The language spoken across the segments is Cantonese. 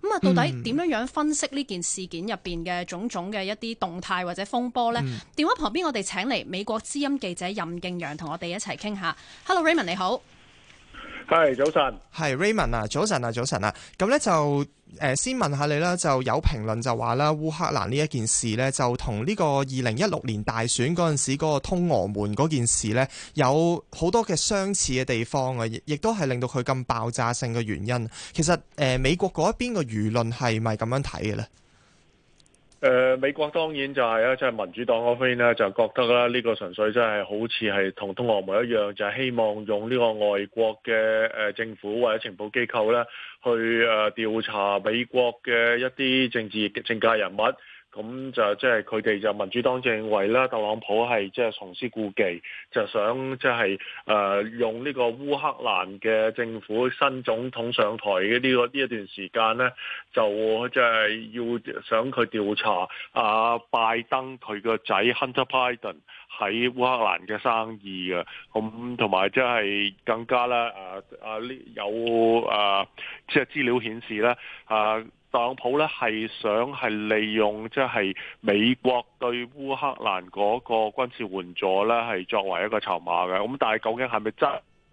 咁啊，到底點樣樣分析呢件事件入邊嘅種種嘅一啲動態或者風波呢？電話旁邊我哋請嚟美國之音記者任敬揚，同我哋一齊傾下。Hello，Raymond 你好。係早晨，係 Raymond 啊，早晨啊，早晨啊，咁咧就誒、呃，先問下你啦，就有評論就話啦，烏克蘭呢一件事咧，就同呢個二零一六年大選嗰陣時嗰個通俄門嗰件事咧，有好多嘅相似嘅地方啊，亦亦都係令到佢咁爆炸性嘅原因。其實誒、呃，美國嗰邊嘅輿論係咪咁樣睇嘅咧？誒、呃、美國當然就係、是、啊，即、就、係、是、民主黨嗰邊咧，就覺得啦，呢個純粹真係好似係同通俄門一樣，就是、希望用呢個外國嘅誒政府或者情報機構咧，去誒調查美國嘅一啲政治政界人物。咁就即係佢哋就民主黨認為咧，特朗普係即係重施故技，就想即係誒用呢個烏克蘭嘅政府新總統上台嘅呢個呢一段時間咧，就即係要想佢調查啊拜登佢個仔 Hunter Biden 喺烏克蘭嘅生意啊。咁同埋即係更加咧誒啊呢有誒即係資料顯示咧啊。特朗普呢係想係利用即係美國對烏克蘭嗰個軍事援助呢係作為一個籌碼嘅，咁但係究竟係咪真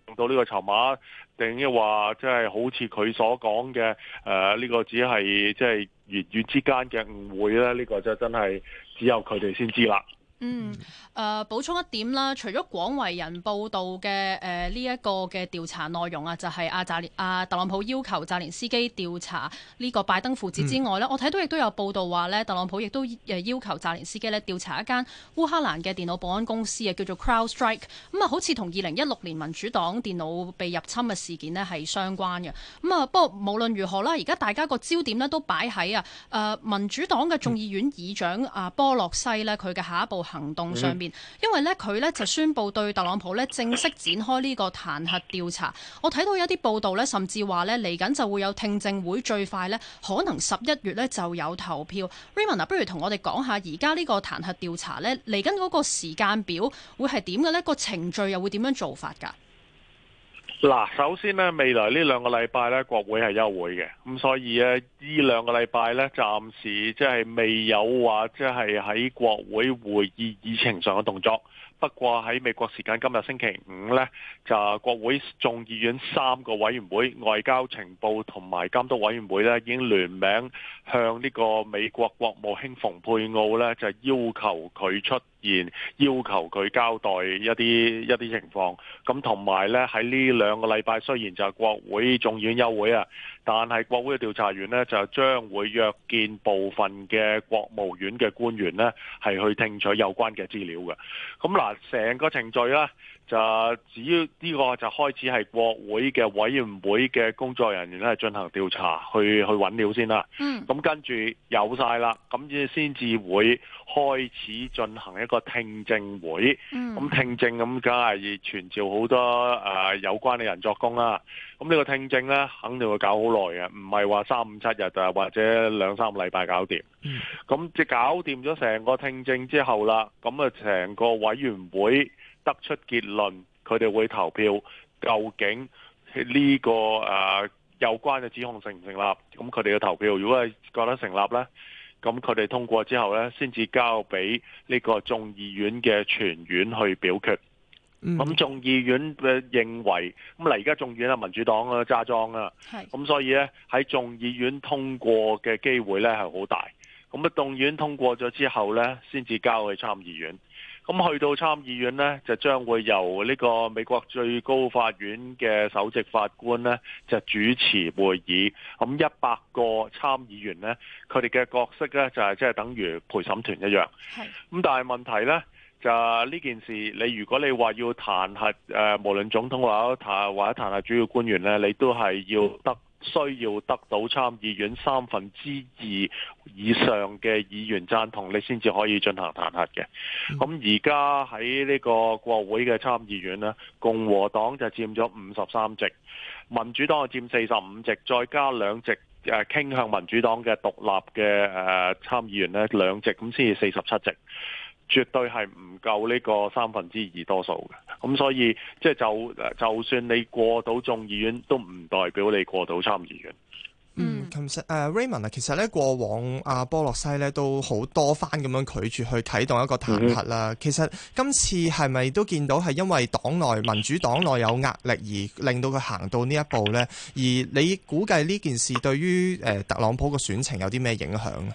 用到呢個籌碼，定抑話即係好似佢所講嘅誒呢個只係即係言語之間嘅誤會呢？呢、呢個就真係只有佢哋先知啦。嗯，誒、呃、補充一點啦，除咗廣為人報道嘅誒呢一個嘅調查內容、就是、啊，就係阿扎、啊、特朗普要求扎連斯基調查呢個拜登父子之外咧，嗯、我睇到亦都有報道話咧，特朗普亦都誒要求扎連斯基咧調查一間烏克蘭嘅電腦保安公司啊，叫做 CrowdStrike、嗯。咁啊，好似同二零一六年民主黨電腦被入侵嘅事件咧係相關嘅。咁、嗯、啊，不過無論如何啦，而家大家個焦點咧都擺喺啊誒民主黨嘅眾議院議長阿、嗯啊、波洛西咧，佢嘅下一步。行動上面，因為咧佢咧就宣布對特朗普咧正式展開呢個彈劾調查。我睇到有啲報道咧，甚至話咧嚟緊就會有聽證會，最快咧可能十一月咧就有投票。r a y m o n 啊，不如同我哋講下而家呢個彈劾調查咧嚟緊嗰個時間表會係點嘅呢？個程序又會點樣做法㗎？嗱，首先咧，未來呢兩個禮拜咧，國會係休會嘅，咁所以咧，呢兩個禮拜咧，暫時即係未有話，即係喺國會會議議程上嘅動作。不過喺美國時間今日星期五呢，就國會眾議院三個委員會，外交、情報同埋監督委員會呢，已經聯名向呢個美國國務卿蓬佩奧呢，就要求佢出現，要求佢交代一啲一啲情況。咁同埋呢喺呢兩個禮拜，雖然就係國會眾議院休會啊，但係國會嘅調查員呢就將會約見部分嘅國務院嘅官員呢，係去聽取有關嘅資料嘅。咁嗱。成個程序啦，就只要呢個就開始係國會嘅委員會嘅工作人員咧，進行調查，去去揾料先啦。嗯，咁跟住有晒啦，咁先先至會開始進行一個聽證會，嗯，咁聽證，咁梗係要傳召好多誒有關嘅人作供啦。咁呢個聽證咧，肯定會搞好耐嘅，唔係話三五七日啊，或者兩三禮拜搞掂。嗯，咁即係搞掂咗成個聽證之後啦，咁啊成個委員。唔會得出結論，佢哋會投票。究竟呢，這個誒，啊，有關嘅指控成唔成立？咁佢哋嘅投票，如果係覺得成立咧，咁佢哋通過之後咧，先至交俾呢個眾議院嘅全院去表決。咁眾，mm hmm. 議院嘅認為，咁嚟而家眾議院啊，民主黨啊，揸莊啊，咁所以咧喺眾議院通過嘅機會咧係好大。咁啊，眾院通過咗之後咧，先至交去參議院。咁去到參議院呢，就將會由呢個美國最高法院嘅首席法官呢，就主持會議。咁一百個參議員呢，佢哋嘅角色呢，就係即係等於陪審團一樣。咁是但係問題呢，就呢件事，你如果你話要彈劾誒、呃，無論總統或者彈或者彈劾主要官員呢，你都係要得。需要得到參議院三分之二以上嘅議員贊同，你先至可以進行彈劾嘅。咁而家喺呢個國會嘅參議院呢，共和黨就佔咗五十三席，民主黨就佔四十五席，再加兩席誒，傾向民主黨嘅獨立嘅、誒參議員咧，兩席，咁先至四十七席。絕對係唔夠呢個三分之二多數嘅，咁所以即係就就算你過到眾議院，都唔代表你過到參議院。嗯，其實、uh, Raymond 啊，其實呢，過往阿、啊、波洛西呢都好多番咁樣拒絕去啟動一個彈劾啦。嗯、其實今次係咪都見到係因為黨內民主黨內有壓力而令到佢行到呢一步呢？而你估計呢件事對於誒、呃、特朗普嘅選情有啲咩影響咧？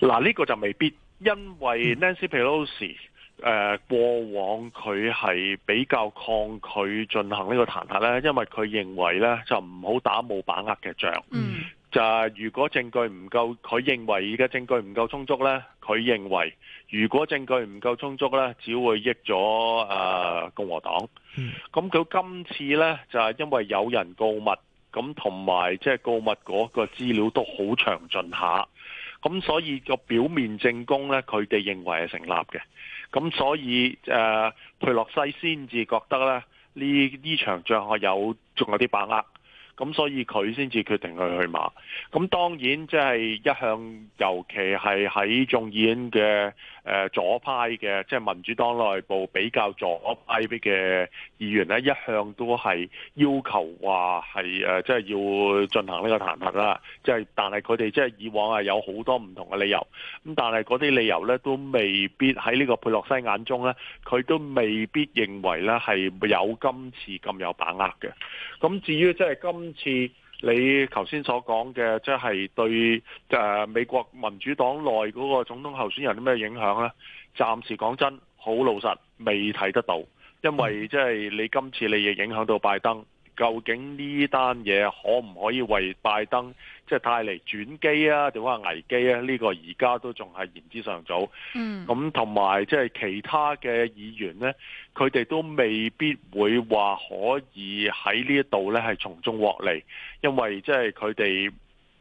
嗱，呢個就未必。因為 Nancy Pelosi 誒、呃、過往佢係比較抗拒進行呢個彈劾咧，因為佢認為咧就唔好打冇把握嘅仗。嗯，就係如果證據唔夠，佢認為而家證據唔夠充足咧，佢認為如果證據唔夠充足咧，只會益咗誒共和黨。嗯，咁佢今次咧就係因為有人告密，咁同埋即係告密嗰個資料都好詳盡下。咁所以個表面證供咧，佢哋認為係成立嘅。咁所以誒、呃，佩洛西先至覺得咧，呢呢場仗我有仲有啲把握。咁所以佢先至決定去去馬。咁當然即係一向尤其係喺眾議院嘅。誒、呃、左派嘅，即係民主黨內部比較左派嘅議員呢，一向都係要求話係、呃、即係要進行呢個彈劾啦。即係但係佢哋即係以往係有好多唔同嘅理由，咁但係嗰啲理由呢都未必喺呢個佩洛西眼中呢，佢都未必認為呢係有今次咁有把握嘅。咁至於即係今次。你頭先所講嘅，即係對誒美國民主黨內嗰個總統候選人有啲咩影響呢？暫時講真，好老實，未睇得到，因為即係你今次你亦影響到拜登，究竟呢單嘢可唔可以為拜登？即係帶嚟轉機啊，定話危機啊？呢個而家都仲係言之尚早。嗯，咁同埋即係其他嘅議員呢，佢哋都未必會話可以喺呢一度呢係從中獲利，因為即係佢哋。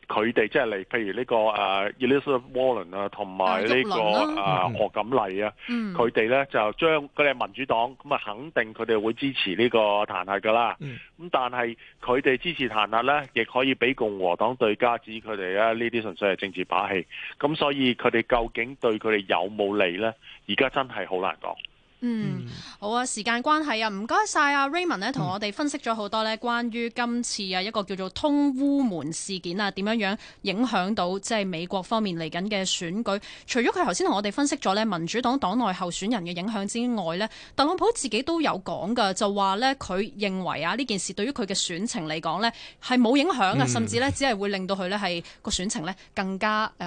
佢哋即係嚟，譬如呢個誒 Elizabeth Warren 啊，同埋呢個誒何錦麗啊，佢哋咧就將佢哋係民主黨，咁啊肯定佢哋會支持呢個彈劾噶啦。咁但係佢哋支持彈劾咧，亦可以俾共和黨對家指佢哋咧呢啲純粹係政治把戲。咁所以佢哋究竟對佢哋有冇利咧？而家真係好難講。嗯，好啊，時間關係啊，唔該晒阿 Raymond 咧，同我哋分析咗好多咧，關於今次啊一個叫做通烏門事件啊，點樣樣影響到即係美國方面嚟緊嘅選舉。除咗佢頭先同我哋分析咗咧民主黨黨內候選人嘅影響之外咧，特朗普自己都有講噶，就話咧佢認為啊呢件事對於佢嘅選情嚟講咧係冇影響啊，嗯，甚至咧只係會令到佢咧係個選情咧更加。